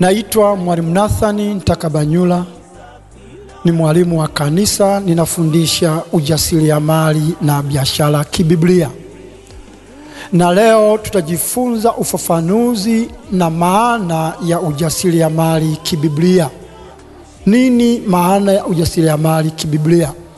Naitwa Mwalimu Nathani Ntakabanyula, ni mwalimu wa kanisa, ninafundisha ujasiriamali na biashara kibiblia, na leo tutajifunza ufafanuzi na maana ya ujasiriamali kibiblia. Nini maana ya ujasiriamali kibiblia?